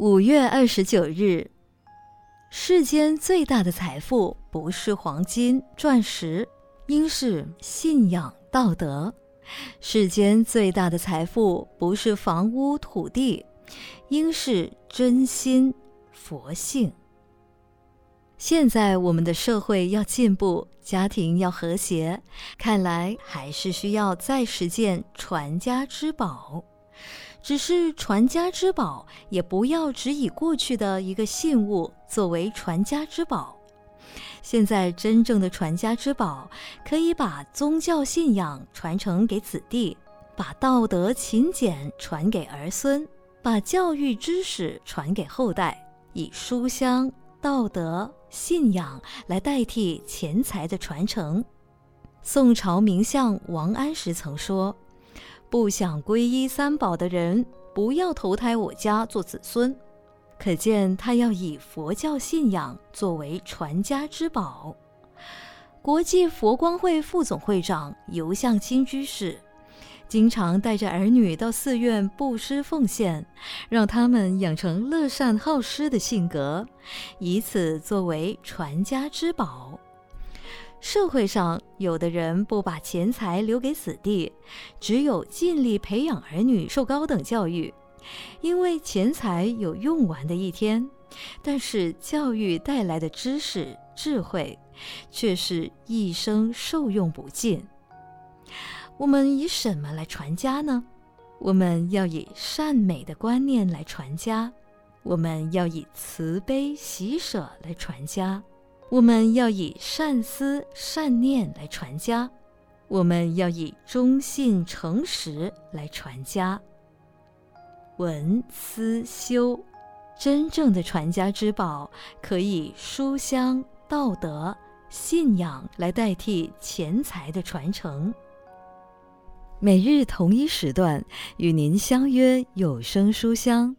五月二十九日，世間最大的財富不是黃金、鑽石，應是信仰、道德；世間最大的財富不是房屋、土地，應是真心、佛性。現在我們的社會要進步，家庭要和諧，看來還是需要再實踐傳家之寶。只是傳家之寶，也不要只以過去的一個信物作為傳家之寶。現在真正的傳家之寶，可以把宗教信仰傳承給子弟，把道德勤儉傳給兒孫，把教育知識傳給後代，以書香、道德、信仰來代替錢財的傳承。宋朝名相王安石曾說：不想皈依三寶的人，不要投胎我家做子孫。可見他要以佛教信仰作為傳家之寶。國際佛光會副總會長游向清居士，經常帶着兒女到寺院布施奉獻，讓他們養成樂善好施的性格，以此作為傳家之寶。社會上有的人不把錢財留給子弟，只有盡力培養兒女受高等教育，因為錢財有用完的一天，但是教育帶來的知識智慧，卻是一生受用不盡。我們以什麼來傳家呢？我們要以善美的觀念來傳家，我們要以慈悲喜舍來傳家。我們要以善思善念來傳家，我們要以忠信誠實來傳家。聞思修，真正的傳家之寶，可以書香、道德、信仰來代替錢財的傳承。每日同一時段，與您相約有聲書香。